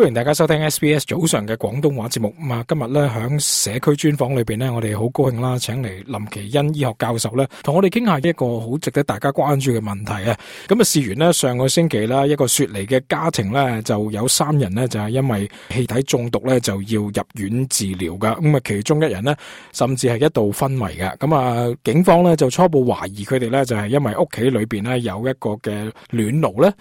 歡迎大家收聽 SBS 早上嘅廣東話節目。啊，今日咧響社區專訪裏邊呢，我哋好高興啦，請嚟林其恩醫學教授咧，同我哋傾下一個好值得大家關注嘅問題啊！咁啊，事緣呢，上個星期啦，一個雪梨嘅家庭咧，就有三人呢，就係因為氣體中毒咧就要入院治療噶。咁啊，其中一人呢，甚至係一度昏迷嘅。咁啊，警方咧就初步懷疑佢哋咧就係因為屋企裏邊咧有一個嘅暖爐咧。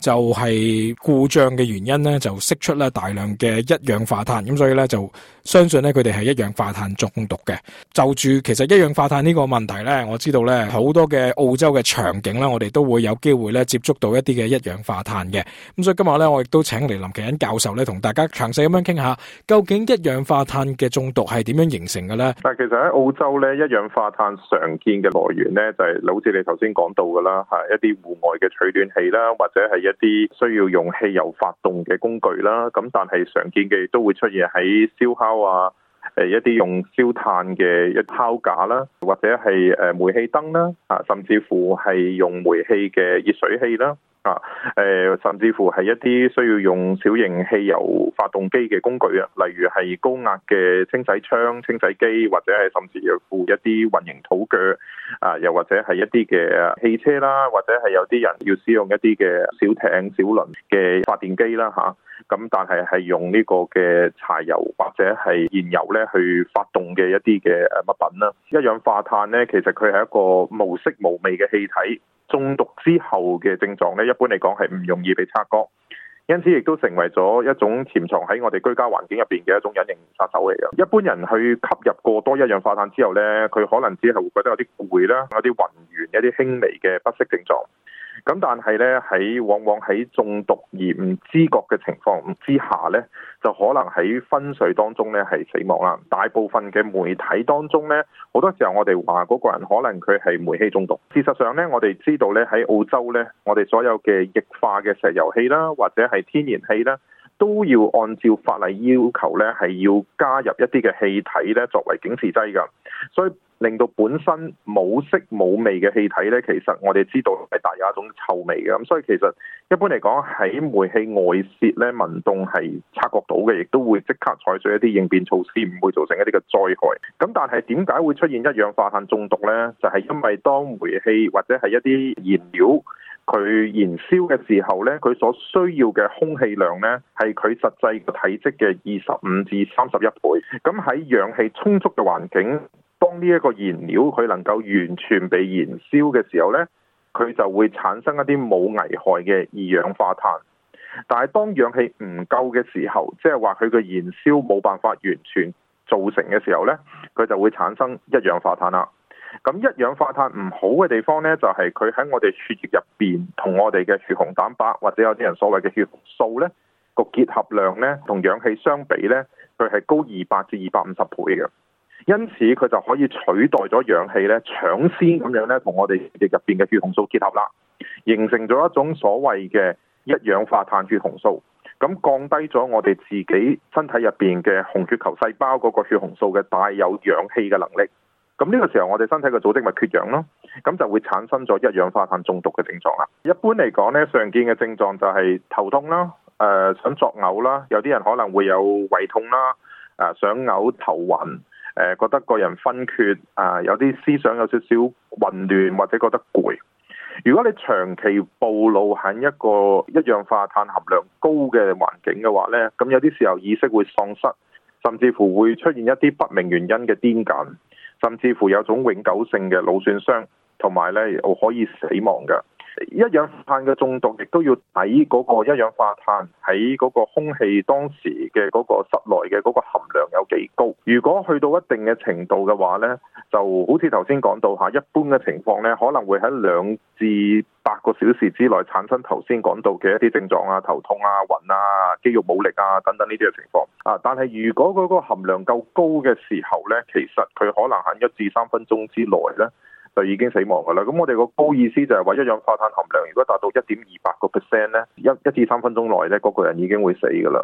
就係故障嘅原因咧，就釋出咧大量嘅一氧化碳，咁所以咧就相信咧佢哋係一氧化碳中毒嘅。就住其實一氧化碳呢個問題咧，我知道咧好多嘅澳洲嘅場景咧，我哋都會有機會咧接觸到一啲嘅一氧化碳嘅。咁所以今日咧，我亦都請嚟林奇恩教授咧，同大家詳細咁樣傾下，究竟一氧化碳嘅中毒係點樣形成嘅咧？但係其實喺澳洲咧，一氧化碳常見嘅來源咧就係、是、好似你頭先講到噶啦，係一啲戶外嘅取暖器啦，或者係一。啲需要用汽油發動嘅工具啦，咁但係常見嘅都會出現喺燒烤啊，誒一啲用燒炭嘅一烤架啦，或者係誒煤氣燈啦，啊甚至乎係用煤氣嘅熱水器啦。啊，誒、呃，甚至乎係一啲需要用小型汽油發動機嘅工具啊，例如係高壓嘅清洗槍、清洗機，或者係甚至乎一啲混凝土鋸啊，又或者係一啲嘅汽車啦，或者係有啲人要使用一啲嘅小艇、小輪嘅發電機啦，嚇、啊。咁但係係用呢個嘅柴油或者係燃油咧去發動嘅一啲嘅誒物品啦。一氧化碳咧，其實佢係一個無色無味嘅氣體。中毒之後嘅症狀咧，一般嚟講係唔容易被察覺，因此亦都成為咗一種潛藏喺我哋居家環境入邊嘅一種隱形殺手嚟嘅。一般人去吸入過多一氧化碳之後咧，佢可能只係會覺得有啲攰啦，有啲暈眩，一啲輕微嘅不適症狀。咁但係咧，喺往往喺中毒而唔知覺嘅情況之下咧，就可能喺昏睡當中咧係死亡啦。大部分嘅媒體當中咧，好多時候我哋話嗰個人可能佢係煤氣中毒。事實上咧，我哋知道咧喺澳洲咧，我哋所有嘅液化嘅石油氣啦，或者係天然氣啦，都要按照法例要求咧，係要加入一啲嘅氣體咧作為警示劑㗎，所以令到本身冇色冇味嘅氣體咧，其實我哋知道係帶有一種臭味嘅。咁所以其實一般嚟講，喺煤氣外泄咧，民眾係察覺到嘅，亦都會即刻採取一啲應變措施，唔會造成一啲嘅災害。咁但係點解會出現一氧化碳中毒咧？就係因為當煤氣或者係一啲燃料。佢燃燒嘅時候咧，佢所需要嘅空氣量咧，係佢實際個體積嘅二十五至三十一倍。咁喺氧氣充足嘅環境，當呢一個燃料佢能夠完全被燃燒嘅時候咧，佢就會產生一啲冇危害嘅二氧化碳。但係當氧氣唔夠嘅時候，即係話佢嘅燃燒冇辦法完全造成嘅時候咧，佢就會產生一氧化碳啦。咁一氧化碳唔好嘅地方咧，就係佢喺我哋血液入邊同我哋嘅血紅蛋白或者有啲人所謂嘅血紅素咧個結合量咧，同氧氣相比咧，佢係高二百至二百五十倍嘅。因此佢就可以取代咗氧氣咧，搶先咁樣咧同我哋血液入邊嘅血紅素結合啦，形成咗一種所謂嘅一氧化碳血紅素，咁降低咗我哋自己身體入邊嘅紅血球細胞嗰個血紅素嘅帶有氧氣嘅能力。咁呢個時候，我哋身體嘅組織咪缺氧咯，咁就會產生咗一氧化碳中毒嘅症狀啦。一般嚟講呢，常見嘅症狀就係頭痛啦，誒、呃、想作嘔啦，有啲人可能會有胃痛啦，啊、呃、想嘔、頭、呃、暈，誒覺得個人分缺，啊、呃、有啲思想有少少混亂，或者覺得攰。如果你長期暴露喺一個一氧化碳含量高嘅環境嘅話呢，咁有啲時候意識會喪失，甚至乎會出現一啲不明原因嘅癲癇。甚至乎有種永久性嘅腦損傷，同埋咧，我可以死亡嘅。一氧化碳嘅中毒，亦都要睇嗰個一氧化碳喺嗰個空氣當時嘅嗰個室內嘅嗰個含量有幾高。如果去到一定嘅程度嘅話咧，就好似頭先講到吓一般嘅情況咧，可能會喺兩至八個小時之內產生頭先講到嘅一啲症狀啊，頭痛啊、暈啊、肌肉冇力啊等等呢啲嘅情況啊。但係如果嗰個含量夠高嘅時候咧，其實佢可能喺一至三分鐘之內咧。就已經死亡噶啦，咁我哋個高意思就係話一氧化碳含量如果達到一點二八個 percent 咧，一一至三分鐘內咧，嗰、那個人已經會死噶啦。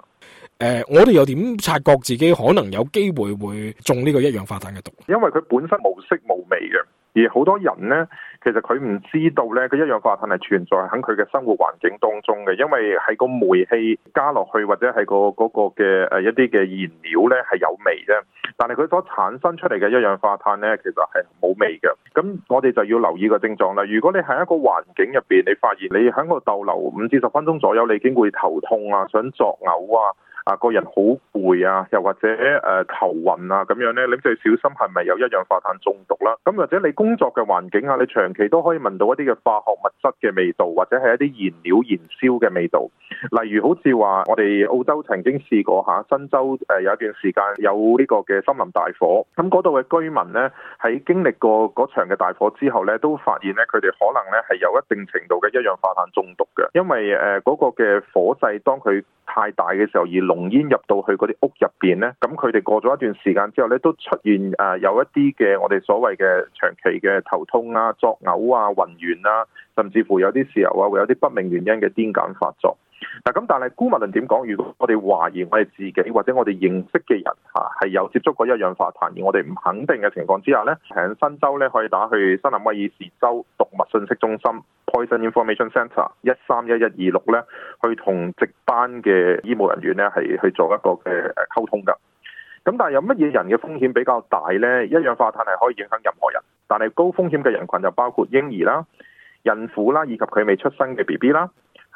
誒、呃，我哋又點察覺自己可能有機會會中呢個一氧化碳嘅毒？因為佢本身無色無味嘅，而好多人咧。其實佢唔知道呢個一氧化碳係存在喺佢嘅生活環境當中嘅，因為係個煤氣加落去或者係個嗰、那個嘅誒、呃、一啲嘅燃料呢係有味啫。但係佢所產生出嚟嘅一氧化碳呢，其實係冇味嘅。咁我哋就要留意個症狀啦。如果你喺一個環境入邊，你發現你喺嗰度逗留五至十分鐘左右，你已經會頭痛啊，想作嘔啊。啊，個人好攰啊，又或者誒、呃、頭暈啊咁樣呢，你就要小心係咪有一氧化碳中毒啦，啊？咁或者你工作嘅環境啊，你長期都可以聞到一啲嘅化學物質嘅味道，或者係一啲燃料燃燒嘅味道。例如好似話，我哋澳洲曾經試過嚇、啊、新州誒有一段時間有呢個嘅森林大火，咁嗰度嘅居民呢，喺經歷過嗰場嘅大火之後呢，都發現呢，佢哋可能呢係有一定程度嘅一氧化碳中毒嘅，因為誒嗰、呃那個嘅火勢當佢太大嘅時候而濃煙入到去嗰啲屋入邊呢，咁佢哋過咗一段時間之後呢，都出現誒有一啲嘅我哋所謂嘅長期嘅頭痛啊、作嘔啊、暈眩啊，甚至乎有啲時候啊會有啲不明原因嘅癲癇發作。嗱咁，但係姑勿論點講，如果我哋懷疑我哋自己或者我哋認識嘅人嚇係有接觸過一氧化碳，而我哋唔肯定嘅情況之下咧，喺新州咧可以打去新南威爾士州毒物信息中心 Poison Information Centre 一三一一二六咧，去同值班嘅醫務人員咧係去做一個嘅誒溝通㗎。咁但係有乜嘢人嘅風險比較大咧？一氧化碳係可以影響任何人，但係高風險嘅人群就包括嬰兒啦、孕婦啦以及佢未出生嘅 BB 啦。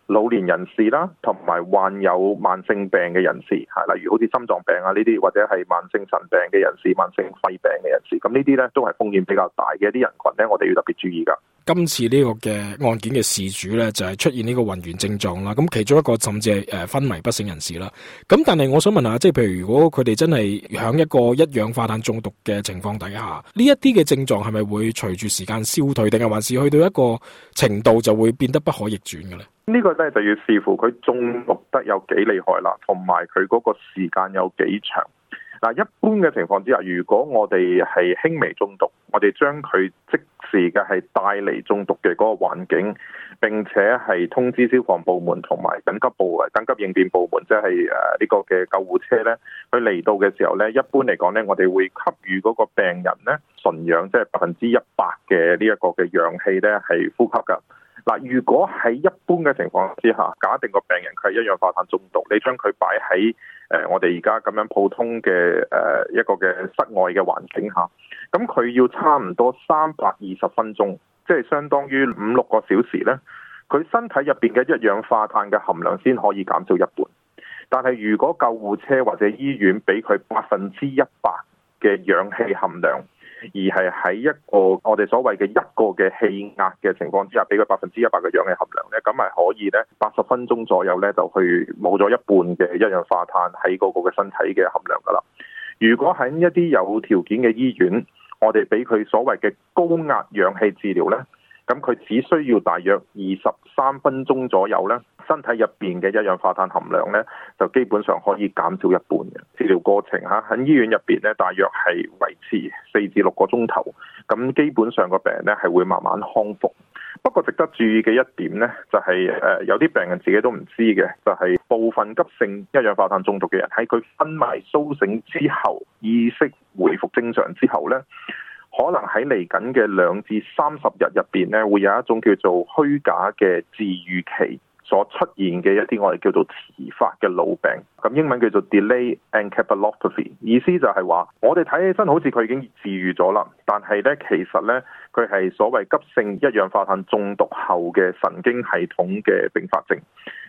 老年人士啦，同埋患有慢性病嘅人士，係例如好似心臟病啊呢啲，或者係慢性腎病嘅人士、慢性肺病嘅人士，咁呢啲呢都係風險比較大嘅一啲人群呢，我哋要特別注意噶。今次呢個嘅案件嘅事主呢，就係出現呢個暈眩症狀啦。咁其中一個甚至係誒昏迷不醒人士啦。咁但係我想問下，即係譬如如果佢哋真係響一個一氧化碳中毒嘅情況底下，呢一啲嘅症狀係咪會隨住時間消退，定係還是去到一個程度就會變得不可逆轉嘅呢？呢個咧就要視乎佢中毒得有幾厲害啦，同埋佢嗰個時間有幾長。嗱，一般嘅情況之下，如果我哋係輕微中毒，我哋將佢即時嘅係帶嚟中毒嘅嗰個環境，並且係通知消防部門同埋緊急部、緊急應變部門，即係誒呢個嘅救護車咧，佢嚟到嘅時候咧，一般嚟講咧，我哋會給予嗰個病人咧純氧，即係百分之一百嘅呢一個嘅氧氣咧係呼吸噶。嗱，如果喺一般嘅情況之下，假定個病人佢係一氧化碳中毒，你將佢擺喺誒我哋而家咁樣普通嘅誒、呃、一個嘅室外嘅環境下，咁佢要差唔多三百二十分鐘，即係相當於五六個小時咧，佢身體入邊嘅一氧化碳嘅含量先可以減少一半。但係如果救護車或者醫院俾佢百分之一百嘅氧氣含量，而係喺一個我哋所謂嘅一個嘅氣壓嘅情況之下，俾佢百分之一百嘅氧氣含量咧，咁係可以咧，八十分鐘左右咧，就去冇咗一半嘅一氧化碳喺嗰個嘅身體嘅含量㗎喇。如果喺一啲有條件嘅醫院，我哋俾佢所謂嘅高壓氧氣治療咧。咁佢只需要大約二十三分鐘左右咧，身體入邊嘅一氧化碳含量咧，就基本上可以減少一半嘅治療過程嚇、啊。喺醫院入邊咧，大約係維持四至六個鐘頭，咁基本上個病人咧，係會慢慢康復。不過值得注意嘅一點咧，就係、是、誒有啲病人自己都唔知嘅，就係、是、部分急性一氧化碳中毒嘅人喺佢昏迷甦醒之後，意識回復正常之後咧，可能喺嚟緊嘅兩至三十日入邊咧，會有一種叫做虛假嘅治癒期所出現嘅一啲我哋叫做遲發嘅腦病，咁英文叫做 delayed encephalopathy，意思就係話我哋睇起身好似佢已經治癒咗啦，但係咧其實咧佢係所謂急性一氧化碳中毒後嘅神經系統嘅併發症，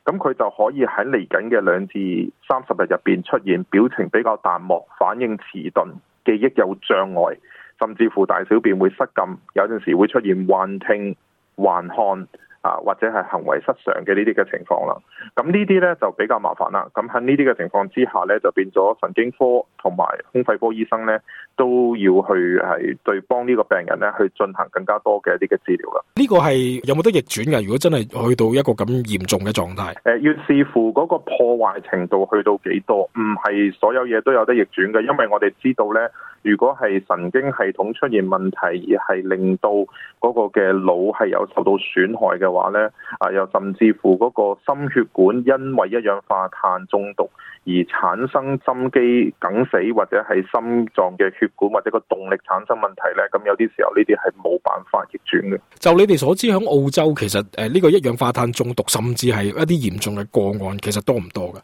咁佢就可以喺嚟緊嘅兩至三十日入邊出現表情比較淡漠、反應遲鈍、記憶有障礙。甚至乎大小便會失禁，有陣時會出現幻聽、幻看。啊，或者係行為失常嘅呢啲嘅情況啦，咁、啊、呢啲呢就比較麻煩啦。咁喺呢啲嘅情況之下呢，就變咗神經科同埋胸肺科醫生呢，都要去係對幫呢個病人呢去進行更加多嘅一啲嘅治療啦。呢個係有冇得逆轉嘅？如果真係去到一個咁嚴重嘅狀態，誒、呃、要視乎嗰個破壞程度去到幾多，唔係所有嘢都有得逆轉嘅，因為我哋知道呢，如果係神經系統出現問題而係令到嗰個嘅腦係有受到損害嘅，嘅話咧，啊，又甚至乎嗰個心血管因為一氧化碳中毒而產生心肌梗死，或者係心臟嘅血管或者個動力產生問題咧，咁有啲時候呢啲係冇辦法逆轉嘅。就你哋所知，喺澳洲其實誒呢個一氧化碳中毒，甚至係一啲嚴重嘅個案，其實多唔多噶？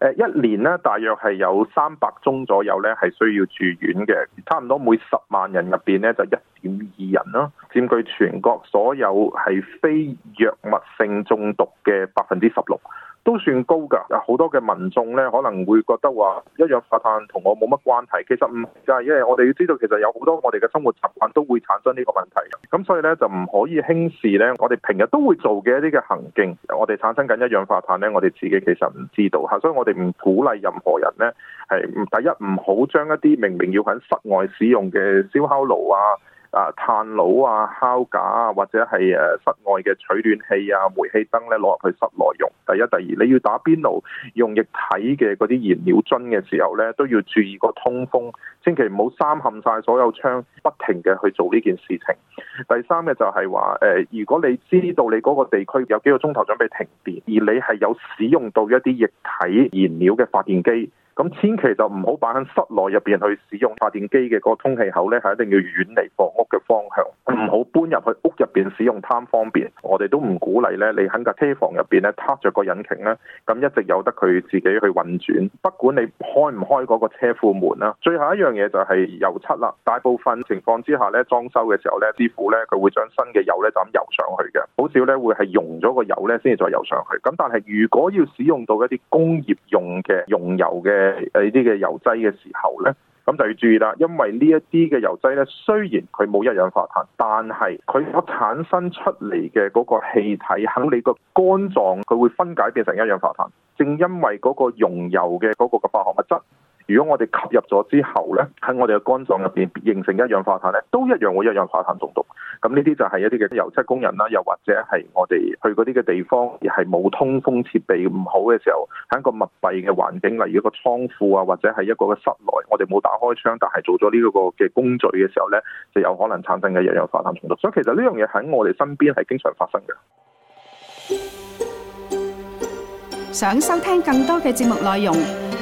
誒一年咧，大約係有三百宗左右咧，係需要住院嘅，差唔多每十萬人入邊咧，就一點二人咯，佔據全國所有係非藥物性中毒嘅百分之十六。都算高㗎，好多嘅民眾呢可能會覺得話一氧化碳同我冇乜關係，其實唔係㗎，因為我哋要知道其實有好多我哋嘅生活習慣都會產生呢個問題，咁所以呢，就唔可以輕視呢。我哋平日都會做嘅一啲嘅行徑，我哋產生緊一氧化碳呢。我哋自己其實唔知道吓，所以我哋唔鼓勵任何人呢係第一唔好將一啲明明要喺室外使用嘅燒烤爐啊，啊！炭爐啊、烤架啊，或者係誒、啊、室外嘅取暖器啊、煤氣燈咧，攞入去室內用。第一、第二，你要打邊爐用液體嘅嗰啲燃料樽嘅時候咧，都要注意個通風，千祈唔好三冚晒所有窗，不停嘅去做呢件事情。第三咧就係話誒，如果你知道你嗰個地區有幾個鐘頭準備停電，而你係有使用到一啲液體燃料嘅發電機。咁千祈就唔好擺喺室內入邊去使用發電機嘅嗰個通氣口呢，係一定要遠離房屋嘅方向，唔好搬入去屋入邊使用貪方便。我哋都唔鼓勵呢，你喺架車房入邊呢，撻着個引擎呢，咁一直由得佢自己去運轉，不管你開唔開嗰個車庫門啦。最後一樣嘢就係油漆啦。大部分情況之下呢，裝修嘅時候呢，師傅呢，佢會將新嘅油呢，就咁油上去嘅，好少呢，會係溶咗個油呢，先至再油上去。咁但係如果要使用到一啲工業用嘅用油嘅。誒呢啲嘅油劑嘅時候呢，咁就要注意啦，因為呢一啲嘅油劑呢，雖然佢冇一氧化碳，但係佢所產生出嚟嘅嗰個氣體喺你個肝臟，佢會分解變成一氧化碳，正因為嗰個溶油嘅嗰個嘅化學物質。如果我哋吸入咗之後呢，喺我哋嘅肝臟入邊形成一氧化碳呢，都一樣會一氧化碳中毒。咁呢啲就係一啲嘅油漆工人啦、啊，又或者係我哋去嗰啲嘅地方，而係冇通風設備唔好嘅時候，喺一個密閉嘅環境，例如一個倉庫啊，或者係一個嘅室內，我哋冇打開窗，但係做咗呢一個嘅工序嘅時候呢，就有可能產生嘅一氧化碳中毒。所以其實呢樣嘢喺我哋身邊係經常發生嘅。想收聽更多嘅節目內容，